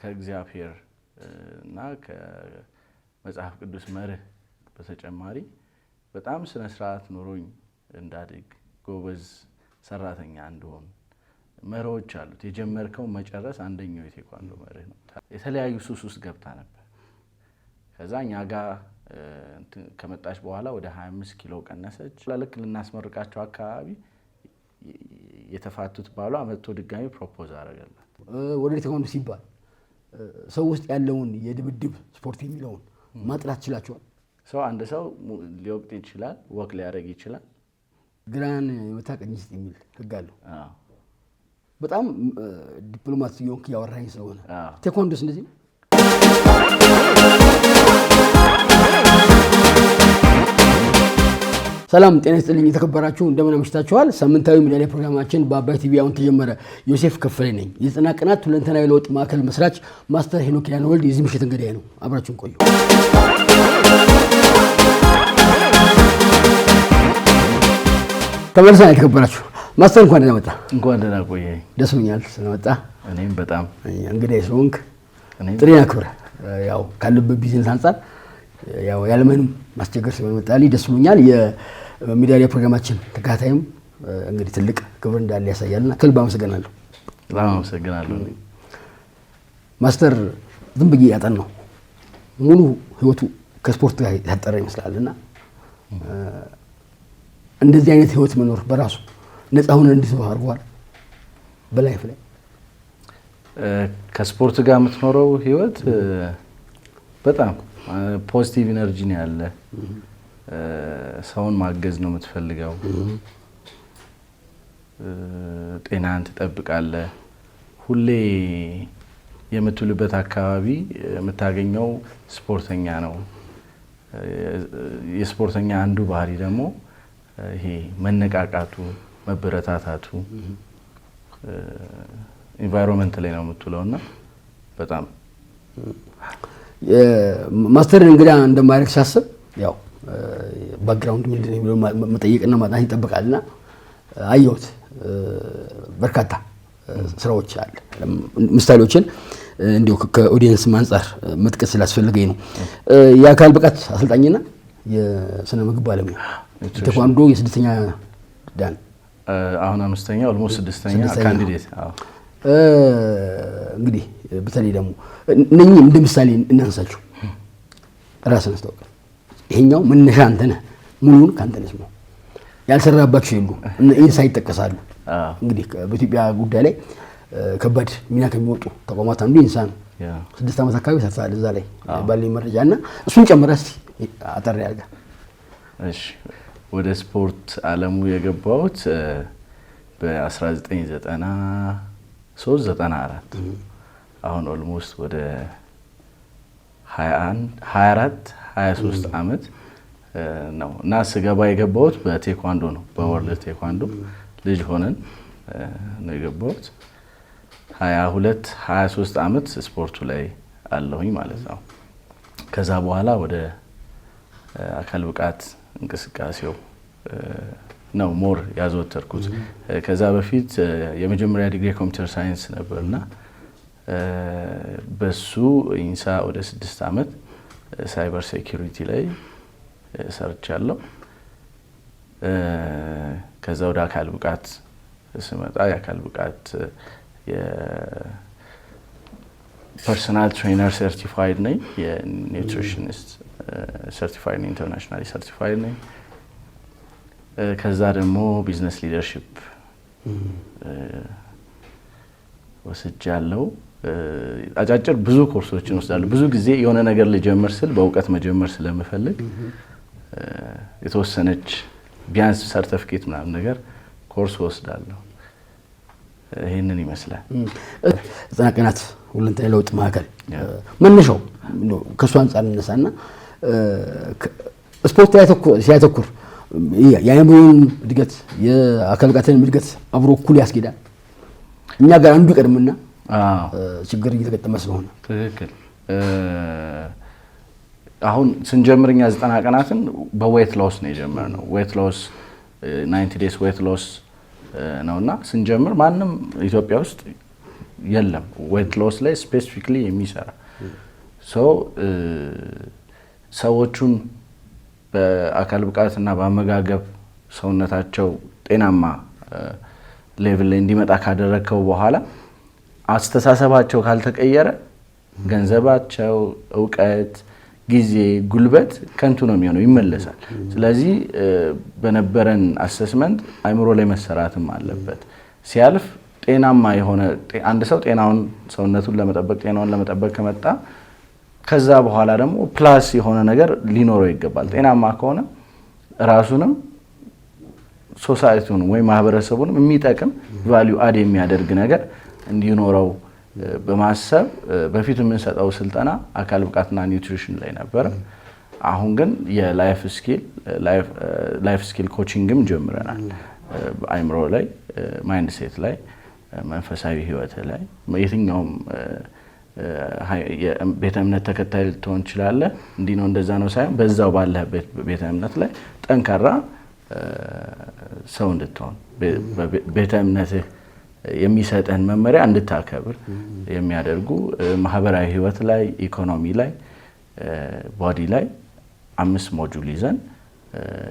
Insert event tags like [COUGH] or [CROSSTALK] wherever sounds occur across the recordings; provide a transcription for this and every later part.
ከእግዚአብሔር እና ከመጽሐፍ ቅዱስ መርህ በተጨማሪ በጣም ስነ ስርዓት ኖሮኝ እንዳድግ ጎበዝ ሰራተኛ እንደሆን መርሆች አሉት። የጀመርከው መጨረስ አንደኛው የቴኳንዶ መርህ ነው። የተለያዩ ሱስ ውስጥ ገብታ ነበር። ከዛ እኛ ጋር ከመጣች በኋላ ወደ 25 ኪሎ ቀነሰች። ልክ ልናስመርቃቸው አካባቢ የተፋቱት ባሏ መጥቶ ድጋሚ ፕሮፖዝ አደረገላት ወደ ቴኳንዶ ሲባል ሰው ውስጥ ያለውን የድብድብ ስፖርት የሚለውን ማጥራት ችላቸዋል። ሰው አንድ ሰው ሊወቅጥ ይችላል፣ ወክ ሊያደርግ ይችላል። ግራን ወታ ቀኝ ስጥ የሚል ህግ አለው። በጣም ዲፕሎማት የሆንክ ያወራኝ ስለሆነ ቴኳንዶስ እንደዚህ ነው። ሰላም ጤና ይስጥልኝ። የተከበራችሁ እንደምን አምሽታችኋል። ሳምንታዊ ሜዳ ፕሮግራማችን በአባይ ቲቪ አሁን ተጀመረ። ዮሴፍ ከፈለ ነኝ። የጽና ቀናት ሁለንተናዊ ለውጥ ማዕከል መስራች ማስተር ሄኖክ ወልድ የዚህ ምሽት እንግዳዬ ነው። አብራችሁን ቆዩ። ተመልሰን የተከበራችሁ ማስተር እንኳን ደህና መጣ። እንኳን ደህና ቆየ። ደስ ብሎኛል ስለመጣ። እኔም በጣም እንግዲህ ስለሆንክ ጥሪን አክብረ ያው ካለበት ቢዝነስ አንጻር ያው ያለምንም ማስቸገር ስለመጣ ደስ ብሎኛል። የሚዲያ ፕሮግራማችን ተከታታይም እንግዲህ ትልቅ ክብር እንዳለ ያሳያልና ከልብ አመሰግናለሁ። በጣም አመሰግናለሁ። ማስተር ዝም ብዬ ያጠናው ሙሉ ህይወቱ ከስፖርት ጋር የታጠረ ይመስላልና እንደዚህ አይነት ህይወት መኖር በራሱ ነፃ ሆነ እንዲሰው አድርጓል። በላይፍ ላይ ከስፖርት ጋር የምትኖረው ህይወት በጣም ፖዚቲቭ ኢነርጂ ነው ያለ። ሰውን ማገዝ ነው የምትፈልገው። ጤናን ትጠብቃለ። ሁሌ የምትውልበት አካባቢ የምታገኘው ስፖርተኛ ነው። የስፖርተኛ አንዱ ባህሪ ደግሞ ይሄ መነቃቃቱ፣ መበረታታቱ ኢንቫይሮንመንት ላይ ነው የምትውለው እና በጣም ማስተርን እንግዳ እንደማድረግ ሳስብ ያው ባክግራውንድ ምንድን ነው የሚለው መጠየቅና ማጥናት ይጠበቃልና አየሁት። በርካታ ስራዎች አለ ምሳሌዎችን እንዲሁ ከኦዲየንስ አንጻር መጥቀስ ስላስፈልገኝ ነው። የአካል ብቃት አሰልጣኝና የስነ ምግብ ባለሙያ ተኳንዶ የስድስተኛ ዳን አሁን አምስተኛ ኦልሞስት ስድስተኛ ካንዲዴት እንግዲህ በተለይ ደግሞ እነኚህ እንደ ምሳሌ እናንሳቸው። ራስን አስታውቃል። ይሄኛው መነሻ አንተ ነህ፣ ምኑን ከአንተ ነህ ነው ያልሰራባቸው የሉ ኢንሳ ይጠቀሳሉ። እንግዲህ በኢትዮጵያ ጉዳይ ላይ ከባድ ሚና ከሚወጡ ተቋማት አንዱ ኢንሳ ነው። ስድስት ዓመት አካባቢ ሰርተሃል እዛ ላይ ባለኝ መረጃ እና እሱን ጨምረህ እስኪ አጠር ያድርገህ። እሺ ወደ ስፖርት አለሙ የገባሁት በ1990 ሶስት ዘጠና አራት አሁን ኦልሞስት ወደ ሀያ አራት ሀያ ሶስት አመት ነው እና ስገባ የገባሁት በቴኳንዶ ነው። በወርልድ ቴኳንዶ ልጅ ሆነን ነው የገባሁት። ሀያ ሁለት ሀያ ሶስት አመት ስፖርቱ ላይ አለሁኝ ማለት ነው። ከዛ በኋላ ወደ አካል ብቃት እንቅስቃሴው ነው ሞር ያዘወተርኩት። ከዛ በፊት የመጀመሪያ ዲግሪ ኮምፒውተር ሳይንስ ነበርና በሱ ኢንሳ ወደ ስድስት ዓመት ሳይበር ሴኪሪቲ ላይ ሰርቻለሁ። ከዛ ወደ አካል ብቃት ስመጣ የአካል ብቃት የፐርሶናል ትሬነር ሰርቲፋይድ ነኝ፣ የኒውትሪሽኒስት ሰርቲፋይድ ነኝ፣ ኢንተርናሽናል ሰርቲፋይድ ነኝ። ከዛ ደግሞ ቢዝነስ ሊደርሽፕ ወስጅ ያለው አጫጭር ብዙ ኮርሶችን ወስዳለሁ። ብዙ ጊዜ የሆነ ነገር ልጀምር ስል በእውቀት መጀመር ስለምፈልግ የተወሰነች ቢያንስ ሰርተፍኬት ምናምን ነገር ኮርስ ወስዳለሁ። ይህንን ይመስላል ዘጠና ቀናት ሁለንተና ለውጥ ማዕከል መነሻው ከእሱ አንጻር እነሳና ስፖርት ሲያተኩር የአእምሮን እድገት የአካል ብቃትን እድገት አብሮ እኩል ያስጌዳል። እኛ ጋር አንዱ ይቀድምና ችግር እየተገጠመ ስለሆነ ትክክል። አሁን ስንጀምር እኛ ዘጠና ቀናትን በዌት ሎስ ነው የጀመርነው። ዌት ሎስ ናይንቲ ዴይስ ዌት ሎስ ነውና ስንጀምር ማንም ኢትዮጵያ ውስጥ የለም ዌት ሎስ ላይ ስፔሲፊክሊ የሚሰራ ሰዎቹን በአካል ብቃትና በአመጋገብ ሰውነታቸው ጤናማ ሌቭል ላይ እንዲመጣ ካደረግከው በኋላ አስተሳሰባቸው ካልተቀየረ ገንዘባቸው፣ እውቀት፣ ጊዜ፣ ጉልበት ከንቱ ነው የሚሆነው፣ ይመለሳል። ስለዚህ በነበረን አሰስመንት አይምሮ ላይ መሰራትም አለበት። ሲያልፍ ጤናማ የሆነ አንድ ሰው ጤናውን ሰውነቱን ለመጠበቅ ጤናውን ለመጠበቅ ከመጣ ከዛ በኋላ ደግሞ ፕላስ የሆነ ነገር ሊኖረው ይገባል። ጤናማ ከሆነ ራሱንም ሶሳይቲውን ወይም ማህበረሰቡንም የሚጠቅም ቫሊዩ አድ የሚያደርግ ነገር እንዲኖረው በማሰብ በፊት የምንሰጠው ስልጠና አካል ብቃትና ኒውትሪሽን ላይ ነበር። አሁን ግን የላይፍ ስኪል ላይፍ ስኪል ኮቺንግም ጀምረናል። አይምሮ ላይ ማይንድሴት ላይ መንፈሳዊ ህይወት ላይ የትኛውም ቤተ እምነት ተከታይ ልትሆን ችላለ። እንዲህ ነው እንደዛ ነው ሳይሆን በዛው ባለህበት ቤተ እምነት ላይ ጠንካራ ሰው እንድትሆን ቤተ እምነትህ የሚሰጠን መመሪያ እንድታከብር የሚያደርጉ ማህበራዊ ህይወት ላይ፣ ኢኮኖሚ ላይ፣ ቦዲ ላይ አምስት ሞጁል ይዘን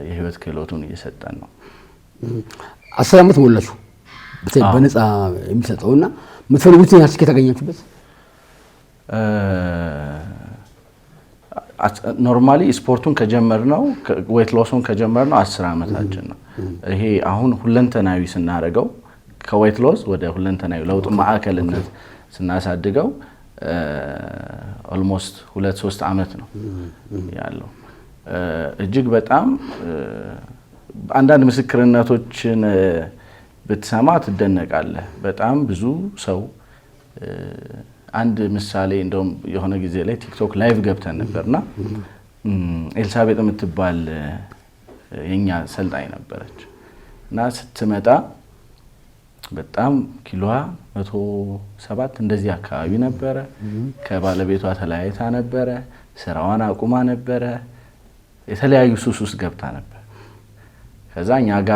የህይወት ክህሎቱን እየሰጠን ነው። አስር ዓመት ሞላችሁ በነፃ የሚሰጠውና የምትፈልጉትን ያህል ስኬት አገኛችሁበት? ኖርማሊ ስፖርቱን ከጀመር ነው ዌት ሎሱን ከጀመር ነው አስር ዓመታችን ነው። ይሄ አሁን ሁለንተናዊ ስናደርገው ከዌት ሎስ ወደ ሁለንተናዊ ለውጥ ማዕከልነት ስናሳድገው ኦልሞስት ሁለት ሶስት ዓመት ነው ያለው። እጅግ በጣም አንዳንድ ምስክርነቶችን ብትሰማ ትደነቃለህ። በጣም ብዙ ሰው አንድ ምሳሌ እንደውም የሆነ ጊዜ ላይ ቲክቶክ ላይቭ ገብተን ነበርና ኤልሳቤጥ የምትባል የኛ ሰልጣኝ ነበረች እና ስትመጣ በጣም ኪሎዋ መቶ ሰባት እንደዚህ አካባቢ ነበረ። ከባለቤቷ ተለያይታ ነበረ። ስራዋን አቁማ ነበረ። የተለያዩ ሱስ ውስጥ ገብታ ነበር። ከዛ እኛ ጋ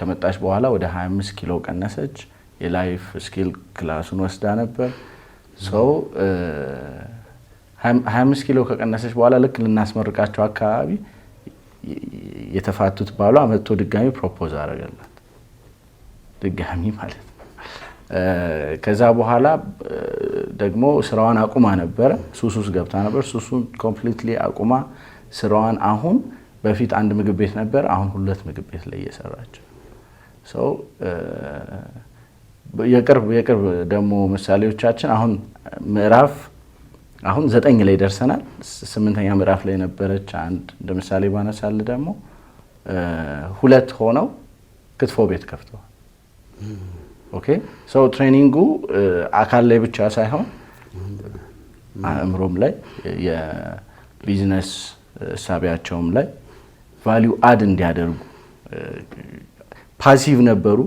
ከመጣች በኋላ ወደ 25 ኪሎ ቀነሰች። የላይፍ ስኪል ክላሱን ወስዳ ነበር። ሰው 25 ኪሎ ከቀነሰች በኋላ ልክ ልናስመርቃቸው አካባቢ የተፋቱት ባሏ መጥቶ ድጋሚ ፕሮፖዝ አደረገላት። ድጋሚ ማለት ነው። ከዛ በኋላ ደግሞ ስራዋን አቁማ ነበረ። ሱስ ውስጥ ገብታ ነበር። ሱሱን ኮምፕሊትሊ አቁማ ስራዋን አሁን በፊት አንድ ምግብ ቤት ነበር፣ አሁን ሁለት ምግብ ቤት ላይ እየሰራች ሰው የቅርብ የቅርብ ደግሞ ምሳሌዎቻችን አሁን ምዕራፍ አሁን ዘጠኝ ላይ ደርሰናል። ስምንተኛ ምዕራፍ ላይ ነበረች አንድ እንደ ምሳሌ ባነሳል ደግሞ ሁለት ሆነው ክትፎ ቤት ከፍተዋል። ኦኬ ሰው ትሬኒንጉ አካል ላይ ብቻ ሳይሆን አእምሮም ላይ የቢዝነስ እሳቢያቸውም ላይ ቫሊዩ አድ እንዲያደርጉ ፓሲቭ ነበሩ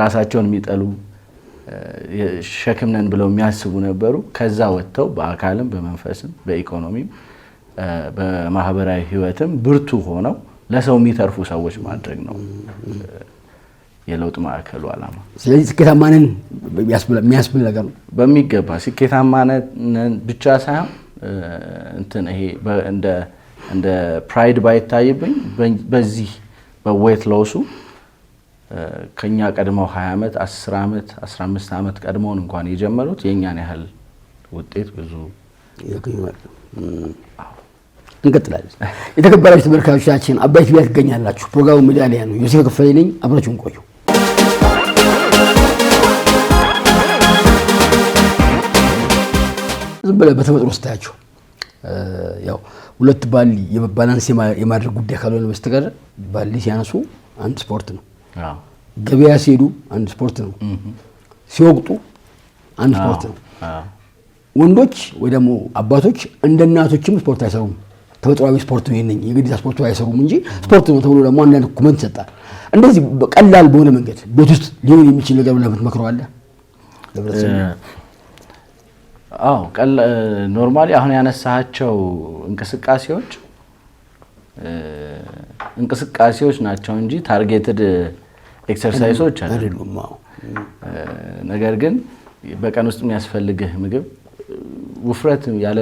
ራሳቸውን የሚጠሉ ሸክምነን ብለው የሚያስቡ ነበሩ። ከዛ ወጥተው በአካልም በመንፈስም በኢኮኖሚም በማህበራዊ ህይወትም ብርቱ ሆነው ለሰው የሚተርፉ ሰዎች ማድረግ ነው የለውጥ ማዕከሉ አላማ። ስለዚህ ስኬታማነን የሚያስብል ነገር ነው በሚገባ ስኬታማነን ብቻ ሳይሆን እንትን ይሄ እንደ ፕራይድ ባይታይብኝ በዚህ በዌት ሎሱ ከኛ ቀድመው 20 ዓመት 10 ዓመት 15 ዓመት ቀድመውን እንኳን የጀመሩት የእኛን ያህል ውጤት ብዙ እንቀጥላለን። የተከበራችሁ ተመልካቾቻችን ዓባይ ቲቪ ትገኛላችሁ። ፕሮግራሙ ሜዳሊያ ነው። ዮሴፍ ከፈለ ነኝ። አብራችሁን ቆዩ። ዝም ብለህ በተፈጥሮ ስታያቸው ያው ሁለት ባሊ ባላንስ የማድረግ ጉዳይ ካልሆነ በስተቀር ባሊ ሲያነሱ አንድ ስፖርት ነው ገበያ ሲሄዱ አንድ ስፖርት ነው፣ ሲወቅጡ አንድ ስፖርት ነው። ወንዶች ወይ ደግሞ አባቶች እንደ እናቶችም ስፖርት አይሰሩም። ተፈጥሯዊ ስፖርት ነው ይሄን የግዴታ ስፖርት አይሰሩም እንጂ ስፖርት ነው ተብሎ ደግሞ አንዳንድ ኮመንት ይሰጣል። እንደዚህ ቀላል በሆነ መንገድ ቤት ውስጥ ሊሆን የሚችል ነገር ለምን አለ? አዎ ኖርማሊ አሁን ያነሳቸው እንቅስቃሴዎች እንቅስቃሴዎች ናቸው እንጂ ታርጌትድ ኤክሰርሳይሶች አይደሉም። ነገር ግን በቀን ውስጥ የሚያስፈልግህ ምግብ ውፍረት ያለ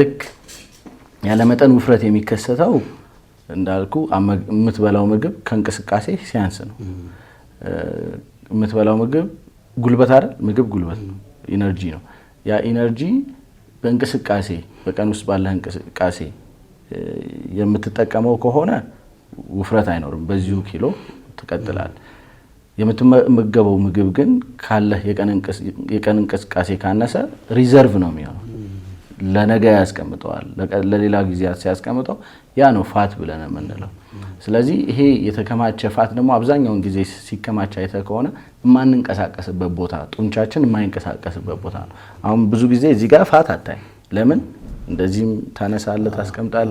ልክ ያለ መጠን ውፍረት የሚከሰተው እንዳልኩ የምትበላው ምግብ ከእንቅስቃሴ ሲያንስ ነው። የምትበላው ምግብ ጉልበት አይደል? ምግብ ጉልበት ነው፣ ኢነርጂ ነው። ያ ኢነርጂ በእንቅስቃሴ በቀን ውስጥ ባለህ እንቅስቃሴ የምትጠቀመው ከሆነ ውፍረት አይኖርም፣ በዚሁ ኪሎ ትቀጥላል። የምትመገበው ምግብ ግን ካለህ የቀን እንቅስቃሴ ካነሰ ሪዘርቭ ነው የሚሆነው፣ ለነገ ያስቀምጠዋል። ለሌላ ጊዜያት ሲያስቀምጠው ያ ነው ፋት ብለን የምንለው። ስለዚህ ይሄ የተከማቸ ፋት ደግሞ አብዛኛውን ጊዜ ሲከማች አይተ ከሆነ የማንንቀሳቀስበት ቦታ ጡንቻችን የማይንቀሳቀስበት ቦታ ነው። አሁን ብዙ ጊዜ እዚህ ጋር ፋት አታይ። ለምን እንደዚህም ታነሳለ ታስቀምጣለ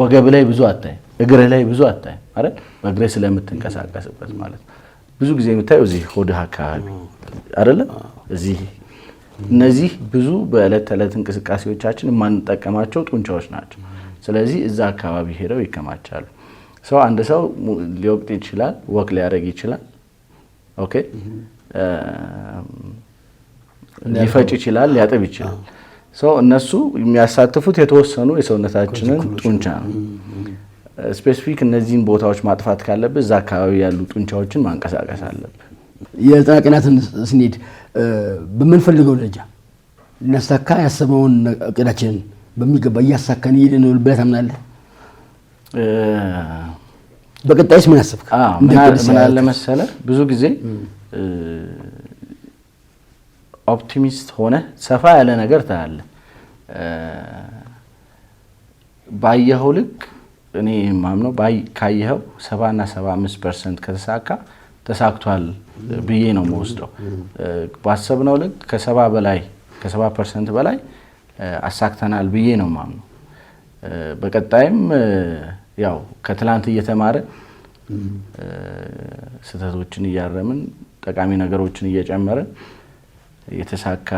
ወገብ ላይ ብዙ አታይ እግር ላይ ብዙ አታይ አይደል? በእግርህ ስለምትንቀሳቀስበት ማለት ብዙ ጊዜ የምታየው እዚህ ሆድህ አካባቢ አይደለም እዚህ እነዚህ ብዙ በዕለት ተዕለት እንቅስቃሴዎቻችን የማንጠቀማቸው ጡንቻዎች ናቸው። ስለዚህ እዛ አካባቢ ሄደው ይከማቻሉ። ሰው አንድ ሰው ሊወቅጥ ይችላል፣ ወክ ሊያደርግ ይችላል፣ ኦኬ ሊፈጭ ይችላል፣ ሊያጥብ ይችላል። ሰው እነሱ የሚያሳትፉት የተወሰኑ የሰውነታችንን ጡንቻ ነው። ስፔሲፊክ እነዚህን ቦታዎች ማጥፋት ካለብህ እዛ አካባቢ ያሉ ጡንቻዎችን ማንቀሳቀስ አለብህ። የዘጠና ቀናትን ስንሄድ በምንፈልገው ደረጃ ልናሳካ ያሰበውን እቅዳችንን በሚገባ እያሳካን እየሄድን ነው ብለህ ታምናለህ? በቀጣይስ ምን አሰብክ? ምን አለ መሰለህ ብዙ ጊዜ ኦፕቲሚስት ሆነ ሰፋ ያለ ነገር ታያለ። ባየኸው ልክ እኔ ማምነው ካየኸው ሰባና ሰባ አምስት ፐርሰንት ከተሳካ ተሳክቷል ብዬ ነው መወስደው። ባሰብነው ልክ ከሰባ በላይ ከሰባ ፐርሰንት በላይ አሳክተናል ብዬ ነው ማምነው። በቀጣይም ያው ከትላንት እየተማረ ስህተቶችን እያረምን ጠቃሚ ነገሮችን እየጨመርን የተሳካ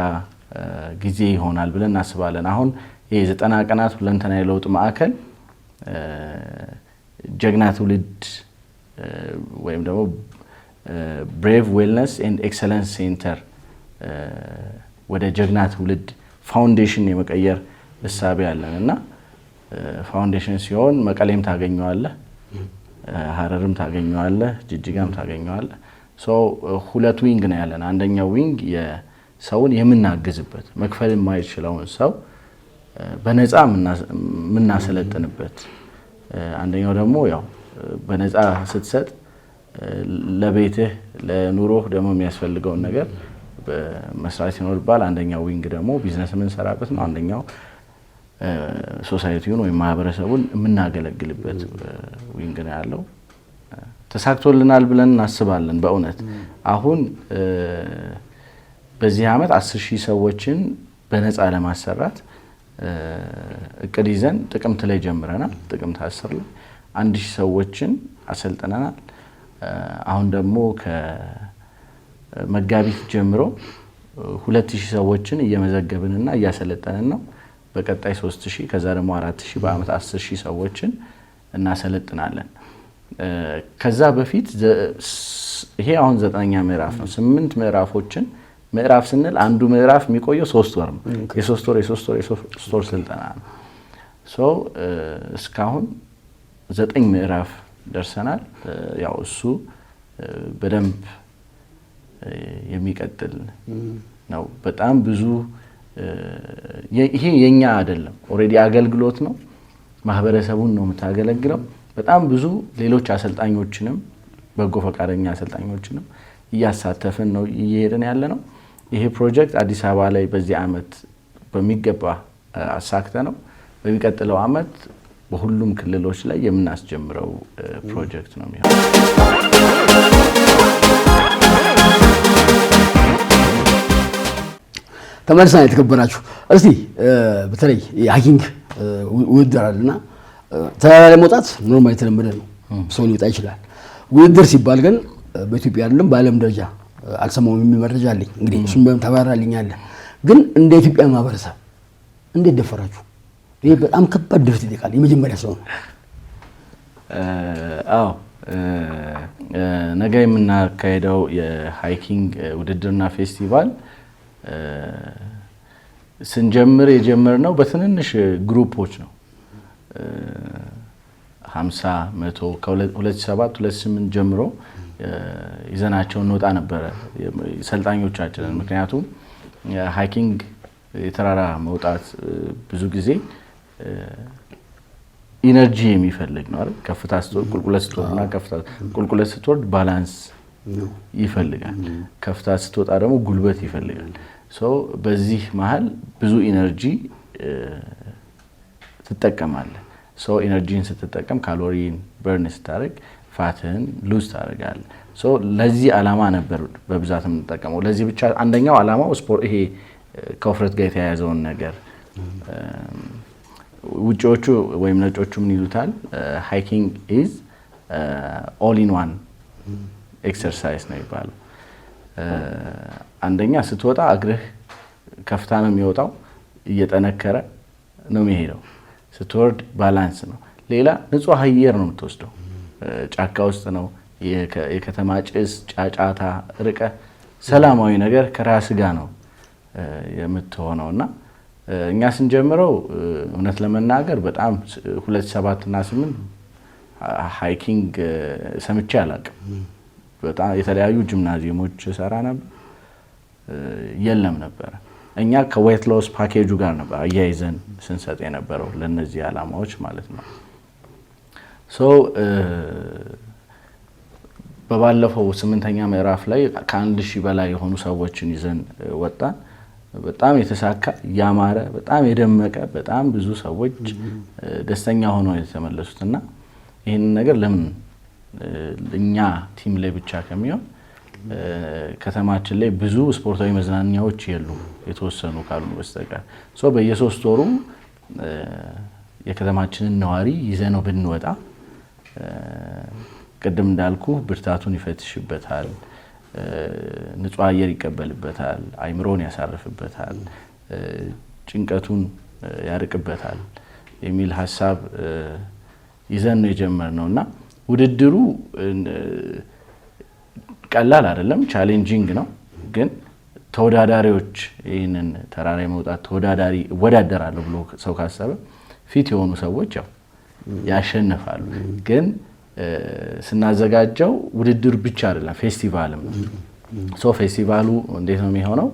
ጊዜ ይሆናል ብለን እናስባለን። አሁን ይህ ዘጠና ቀናት ሁለንተና የለውጥ ማዕከል ጀግና ትውልድ ወይም ደግሞ ብሬቭ ዌልነስ ኤንድ ኤክሰለንስ ሴንተር ወደ ጀግና ትውልድ ፋውንዴሽን የመቀየር እሳቤ አለን እና ፋውንዴሽን ሲሆን መቀሌም ታገኘዋለህ፣ ሀረርም ታገኘዋለህ፣ ጅጅጋም ታገኘዋለህ። ሁለት ዊንግ ነው ያለን። አንደኛው ዊንግ ሰውን የምናግዝበት መክፈል የማይችለውን ሰው በነፃ የምናሰለጥንበት፣ አንደኛው ደግሞ ያው በነፃ ስትሰጥ ለቤትህ ለኑሮህ ደግሞ የሚያስፈልገውን ነገር መስራት ይኖርባል። አንደኛው ዊንግ ደግሞ ቢዝነስ የምንሰራበት ነው። አንደኛው ሶሳይቲውን ወይም ማህበረሰቡን የምናገለግልበት ዊንግ ነው ያለው። ተሳክቶልናል ብለን እናስባለን። በእውነት አሁን በዚህ ዓመት አስር ሺህ ሰዎችን በነፃ ለማሰራት እቅድ ይዘን ጥቅምት ላይ ጀምረናል። ጥቅምት አስር ላይ አንድ ሺህ ሰዎችን አሰልጥነናል። አሁን ደግሞ ከመጋቢት ጀምሮ ሁለት ሺህ ሰዎችን እየመዘገብንና እያሰለጠንን ነው። በቀጣይ ሶስት ሺህ ከዛ ደግሞ አራት ሺህ በአመት አስር ሺህ ሰዎችን እናሰለጥናለን። ከዛ በፊት ይሄ አሁን ዘጠነኛ ምዕራፍ ነው። ስምንት ምዕራፎችን ምዕራፍ ስንል አንዱ ምዕራፍ የሚቆየው ሶስት ወር ነው። የሶስት ወር የሶስት ወር የሶስት ወር ስልጠና ነው። እስካሁን ዘጠኝ ምዕራፍ ደርሰናል። ያው እሱ በደንብ የሚቀጥል ነው። በጣም ብዙ ይሄ የኛ አይደለም፣ ኦልሬዲ አገልግሎት ነው። ማህበረሰቡን ነው የምታገለግለው። በጣም ብዙ ሌሎች አሰልጣኞችንም በጎ ፈቃደኛ አሰልጣኞችንም እያሳተፍን ነው እየሄድን ያለ ነው። ይሄ ፕሮጀክት አዲስ አበባ ላይ በዚህ ዓመት በሚገባ አሳክተ ነው በሚቀጥለው ዓመት በሁሉም ክልሎች ላይ የምናስጀምረው ፕሮጀክት ነው የሚሆነው። ተመልሰን የተከበራችሁ እስቲ በተለይ የሀኪንግ ውድድር አለና ተራራ ላይ መውጣት ኖርማል የተለመደ ነው፣ ሰው ሊወጣ ይችላል። ውድድር ሲባል ግን በኢትዮጵያ አይደለም በዓለም ደረጃ አልሰማሁም የሚል መረጃ አለኝ። እንግዲህ እሱም ተባራልኝ አለ። ግን እንደ ኢትዮጵያ ማህበረሰብ እንዴት ደፈራችሁ? ይህ በጣም ከባድ ድፍረት ይጠይቃል። የመጀመሪያ ሰው ነው። ነገ የምናካሄደው የሃይኪንግ ውድድርና ፌስቲቫል ስንጀምር የጀመርነው በትንንሽ ግሩፖች ነው። ሀምሳ መቶ ከ2007 2008 ጀምሮ ይዘናቸው እንወጣ ነበረ ሰልጣኞቻችንን። ምክንያቱም ሃይኪንግ የተራራ መውጣት ብዙ ጊዜ ኢነርጂ የሚፈልግ ነው አይደል? ከፍታ ቁልቁለት ስትወርድ እና ከፍታ ቁልቁለት ስትወርድ ባላንስ ይፈልጋል። ከፍታ ስትወጣ ደግሞ ጉልበት ይፈልጋል። ሰው በዚህ መሀል ብዙ ኢነርጂ ትጠቀማለህ። ሰው ኢነርጂን ስትጠቀም ካሎሪን በርን ስታደርግ ፋትህን ሉዝ ታደርጋለህ። ለዚህ አላማ ነበር በብዛት የምንጠቀመው። ለዚህ ብቻ አንደኛው አላማው ስፖርት ይሄ ከውፍረት ጋር የተያያዘውን ነገር ውጪዎቹ ወይም ነጮቹ ምን ይሉታል? ሃይኪንግ ኢዝ ኦል ኢን ዋን ኤክሰርሳይዝ ነው የሚባለው። አንደኛ ስትወጣ እግርህ ከፍታ ነው የሚወጣው፣ እየጠነከረ ነው የሚሄደው። ስትወርድ ባላንስ ነው። ሌላ ንጹህ አየር ነው የምትወስደው ጫካ ውስጥ ነው፣ የከተማ ጭስ፣ ጫጫታ ርቀ ሰላማዊ ነገር ከራስ ጋር ነው የምትሆነው እና እኛ ስንጀምረው እውነት ለመናገር በጣም ሁለት ሰባት እና ስምንት ሃይኪንግ ሰምቼ አላቅም። በጣም የተለያዩ ጂምናዚየሞች ሰራ ነበር የለም ነበረ። እኛ ከዌት ሎስ ፓኬጁ ጋር ነበር አያይዘን ስንሰጥ የነበረው ለእነዚህ ዓላማዎች ማለት ነው። Uh, በባለፈው ስምንተኛ ምዕራፍ ላይ ከአንድ ሺህ በላይ የሆኑ ሰዎችን ይዘን uh, ወጣን። በጣም የተሳካ ያማረ፣ በጣም የደመቀ፣ በጣም ብዙ ሰዎች uh, ደስተኛ ሆነው የተመለሱት እና ይህንን ነገር ለምን እኛ ቲም ላይ ብቻ ከሚሆን ከተማችን ላይ ብዙ ስፖርታዊ መዝናኛዎች የሉ የተወሰኑ ካሉ በስተቀር በየሶስት ወሩም የከተማችንን ነዋሪ ይዘነው ብንወጣ ቅድም እንዳልኩ ብርታቱን ይፈትሽበታል፣ ንጹህ አየር ይቀበልበታል፣ አይምሮን ያሳርፍበታል፣ ጭንቀቱን ያርቅበታል የሚል ሀሳብ ይዘን ነው የጀመርነው እና ውድድሩ ቀላል አይደለም፣ ቻሌንጂንግ ነው። ግን ተወዳዳሪዎች ይህንን ተራራ መውጣት ተወዳዳሪ እወዳደራለሁ ብሎ ሰው ካሰበ ፊት የሆኑ ሰዎች ያው ያሸንፋሉ። ግን ስናዘጋጀው ውድድር ብቻ አይደለም፣ ፌስቲቫልም ነው። ሶ ፌስቲቫሉ እንዴት ነው የሚሆነው?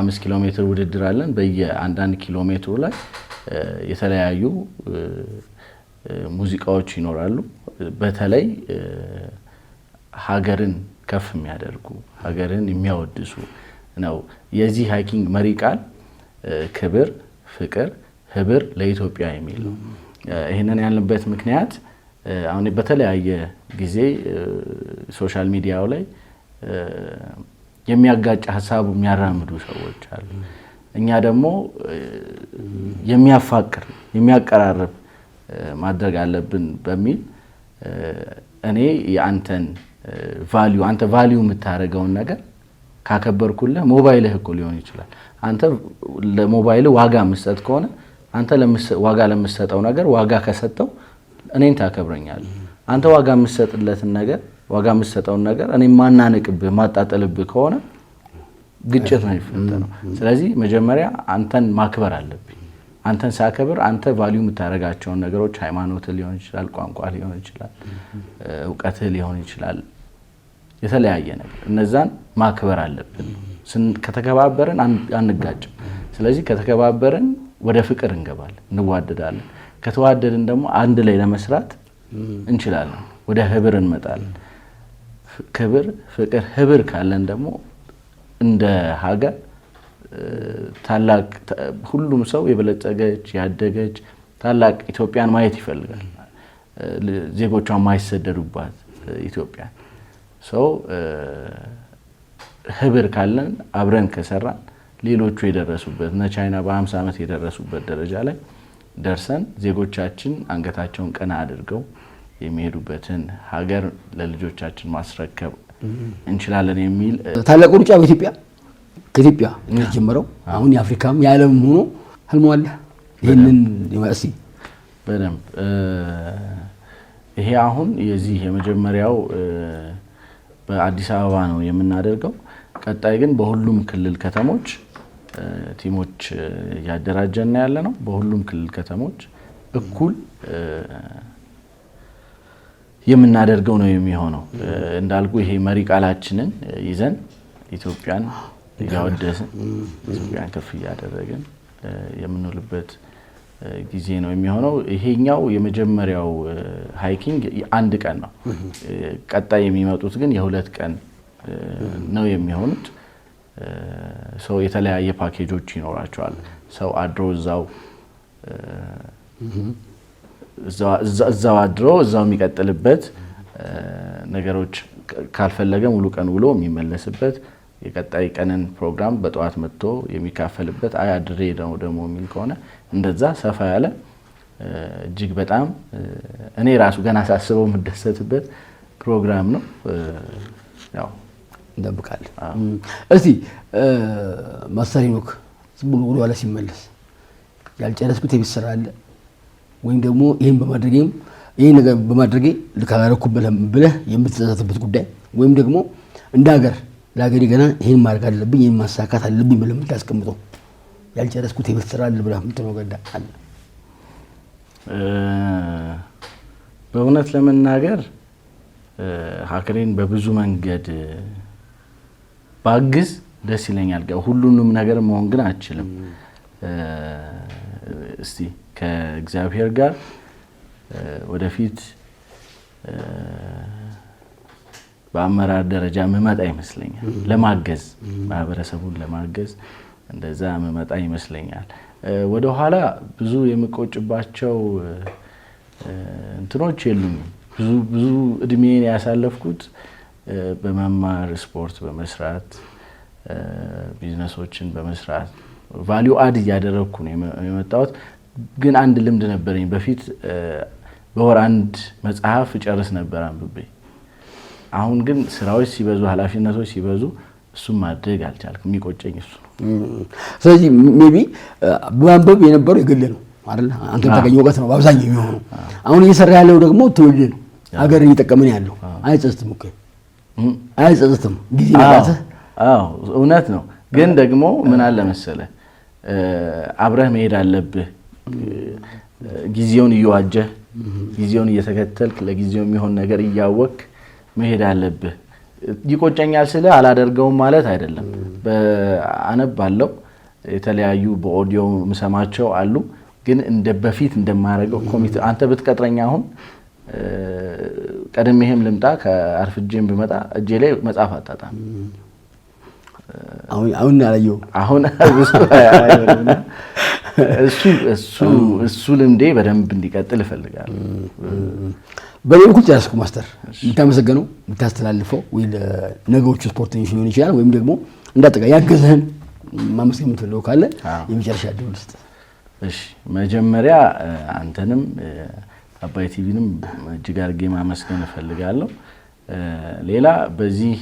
አምስት ኪሎ ሜትር ውድድር አለን። በየአንዳንድ ኪሎ ሜትሩ ላይ የተለያዩ ሙዚቃዎች ይኖራሉ። በተለይ ሀገርን ከፍ የሚያደርጉ ሀገርን የሚያወድሱ ነው። የዚህ ሀይኪንግ መሪ ቃል ክብር፣ ፍቅር፣ ህብር ለኢትዮጵያ የሚል ነው። ይህንን ያልንበት ምክንያት አሁን በተለያየ ጊዜ ሶሻል ሚዲያው ላይ የሚያጋጭ ሀሳቡ የሚያራምዱ ሰዎች አሉ። እኛ ደግሞ የሚያፋቅር የሚያቀራርብ ማድረግ አለብን በሚል እኔ የአንተን ቫሊዩ አንተ ቫሊዩ የምታደርገውን ነገር ካከበርኩልህ ሞባይልህ እኮ ሊሆን ይችላል። አንተ ለሞባይልህ ዋጋ የምትሰጥ ከሆነ አንተ ዋጋ ለምሰጠው ነገር ዋጋ ከሰጠው እኔን ታከብረኛል። አንተ ዋጋ የምሰጥለትን ነገር ዋጋ የምትሰጠውን ነገር እኔ ማናነቅብህ ማጣጠልብህ ከሆነ ግጭት ነው የሚፈጠረው። ስለዚህ መጀመሪያ አንተን ማክበር አለብኝ። አንተን ሳከብር አንተ ቫሊዩ የምታደርጋቸውን ነገሮች ሃይማኖት ሊሆን ይችላል፣ ቋንቋ ሊሆን ይችላል፣ እውቀት ሊሆን ይችላል፣ የተለያየ ነገር እነዛን ማክበር አለብን። ከተከባበርን አንጋጭም። ስለዚህ ከተከባበርን ወደ ፍቅር እንገባለን፣ እንዋደዳለን። ከተዋደድን ደግሞ አንድ ላይ ለመስራት እንችላለን። ወደ ህብር እንመጣለን። ክብር፣ ፍቅር፣ ህብር ካለን ደግሞ እንደ ሀገር ታላቅ ሁሉም ሰው የበለጸገች ያደገች ታላቅ ኢትዮጵያን ማየት ይፈልጋል። ዜጎቿ ማይሰደዱባት ኢትዮጵያን ሰው ህብር ካለን አብረን ከሰራን ሌሎቹ የደረሱበት እነ ቻይና በ50 ዓመት የደረሱበት ደረጃ ላይ ደርሰን ዜጎቻችን አንገታቸውን ቀና አድርገው የሚሄዱበትን ሀገር ለልጆቻችን ማስረከብ እንችላለን የሚል ታላቁ ሩጫ በኢትዮጵያ ከኢትዮጵያ የተጀመረው አሁን የአፍሪካም የዓለም ሆኖ ህልመዋለ ይህንን ስ በደንብ ይሄ አሁን የዚህ የመጀመሪያው በአዲስ አበባ ነው የምናደርገው። ቀጣይ ግን በሁሉም ክልል ከተሞች ቲሞች እያደራጀና ያለ ነው። በሁሉም ክልል ከተሞች እኩል የምናደርገው ነው የሚሆነው። እንዳልኩ ይሄ መሪ ቃላችንን ይዘን ኢትዮጵያን እያወደስን ኢትዮጵያን ከፍ እያደረግን የምንውልበት ጊዜ ነው የሚሆነው። ይሄኛው የመጀመሪያው ሀይኪንግ አንድ ቀን ነው። ቀጣይ የሚመጡት ግን የሁለት ቀን ነው የሚሆኑት። ሰው የተለያየ ፓኬጆች ይኖራቸዋል። ሰው አድሮ እዛው እዛው አድሮ እዛው የሚቀጥልበት ነገሮች ካልፈለገ ሙሉ ቀን ውሎ የሚመለስበት የቀጣይ ቀንን ፕሮግራም በጠዋት መጥቶ የሚካፈልበት አይ አድሬ ነው ደግሞ የሚል ከሆነ እንደዛ ሰፋ ያለ እጅግ በጣም እኔ ራሱ ገና ሳስበው የምደሰትበት ፕሮግራም ነው ያው እንጠብቃለን። እስቲ ማስተር ሄኖክ ዝም ብሎ ኋላ ሲመለስ ያልጨረስኩት የቤት ስራ አለ ወይም ደግሞ ይህን በማድረጌም ይህን ነገር በማድረጌ ልካላረኩ ብለህ የምትጸጸትበት ጉዳይ ወይም ደግሞ እንደ ሀገር ለሀገሬ ገና ይህን ማድረግ አለብኝ ይህን ማሳካት አለብኝ ብለህ የምታስቀምጠው ያልጨረስኩት የቤት ስራ አለ ብለህ የምትለው ገዳ አለ? በእውነት ለመናገር ሀገሬን በብዙ መንገድ ባግዝ ደስ ይለኛል። ሁሉንም ነገር መሆን ግን አችልም እስቲ ከእግዚአብሔር ጋር ወደፊት በአመራር ደረጃ ምመጣ ይመስለኛል፣ ለማገዝ ማህበረሰቡን ለማገዝ እንደዛ ምመጣ ይመስለኛል። ወደኋላ ብዙ የምቆጭባቸው እንትኖች የሉም። ብዙ ብዙ እድሜን ያሳለፍኩት በመማር ስፖርት በመስራት ቢዝነሶችን በመስራት ቫሊዩ አድ እያደረግኩ ነው የመጣሁት። ግን አንድ ልምድ ነበረኝ በፊት በወር አንድ መጽሐፍ እጨርስ ነበር አንብቤ። አሁን ግን ስራዎች ሲበዙ፣ ኃላፊነቶች ሲበዙ እሱም ማድረግ አልቻልኩም። የሚቆጨኝ እሱ ነው። ስለዚህ ቢ በማንበብ የነበረው የግል ነው አይደል? አንተ የምታገኘው እውቀት ነው በአብዛኛው የሚሆነው። አሁን እየሰራ ያለው ደግሞ ትውልድ ነው፣ ሀገር እየጠቀምን ያለው አይጸጽትም እኮ አይጸጽትም ጊዜ እውነት ነው። ግን ደግሞ ምን አለ መሰለህ አብረህ መሄድ አለብህ። ጊዜውን እየዋጀህ ጊዜውን እየተከተልክ ለጊዜው የሚሆን ነገር እያወቅክ መሄድ አለብህ። ይቆጨኛል ስለ አላደርገውም ማለት አይደለም። አነባለሁ፣ የተለያዩ በኦዲዮ ምሰማቸው አሉ። ግን እንደ በፊት እንደማያደርገው ኮሚት አንተ ብትቀጥረኝ አሁን ቀድሜህም ልምጣ ከአርፍጄም ብመጣ እጄ ላይ መጽሐፍ አጣጣ አሁን አላየው አሁን [LAUGHS] እሱ እሱ እሱ ልምዴ በደንብ እንዲቀጥል ይፈልጋል። በእኔ በኩል ጨረስኩ። ማስተር የምታመሰገነው የምታስተላልፈው ወይ ለነገዎቹ ስፖርተኞች ሊሆን ይችላል ወይም ደግሞ እንዳጠቃ ያገዘህን ማመስገን የምትፈልገው ካለ የመጨረሻ ድል ውስጥ። እሺ መጀመሪያ አንተንም አባይ ቲቪንም እጅግ አድርጌ ማመስገን እፈልጋለሁ። ሌላ በዚህ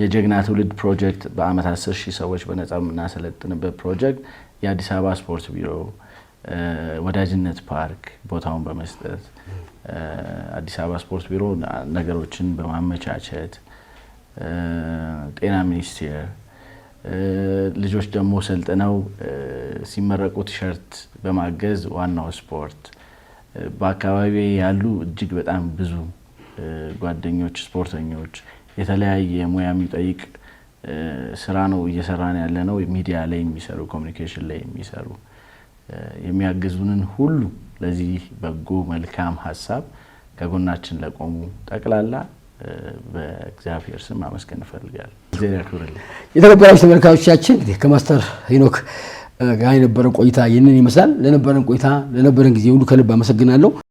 የጀግና ትውልድ ፕሮጀክት በአመት አስር ሺህ ሰዎች በነጻ የምናሰለጥንበት ፕሮጀክት የአዲስ አበባ ስፖርት ቢሮ ወዳጅነት ፓርክ ቦታውን በመስጠት አዲስ አበባ ስፖርት ቢሮ ነገሮችን በማመቻቸት ጤና ሚኒስቴር ልጆች ደግሞ ሰልጥነው ሲመረቁ ቲሸርት በማገዝ ዋናው ስፖርት በአካባቢ ያሉ እጅግ በጣም ብዙ ጓደኞች ስፖርተኞች፣ የተለያየ ሙያ የሚጠይቅ ስራ ነው እየሰራን ያለ ነው። ሚዲያ ላይ የሚሰሩ ኮሚኒኬሽን ላይ የሚሰሩ የሚያግዙንን ሁሉ ለዚህ በጎ መልካም ሀሳብ ከጎናችን ለቆሙ ጠቅላላ በእግዚአብሔር ስም አመስገን እንፈልጋለን። ዜና ክብርል። የተከበራችሁ ተመልካቾቻችን እንግዲህ ከማስተር ሄኖክ ጋር የነበረን ቆይታ ይህንን ይመስላል። ለነበረን ቆይታ ለነበረን ጊዜ ሁሉ ከልብ አመሰግናለሁ።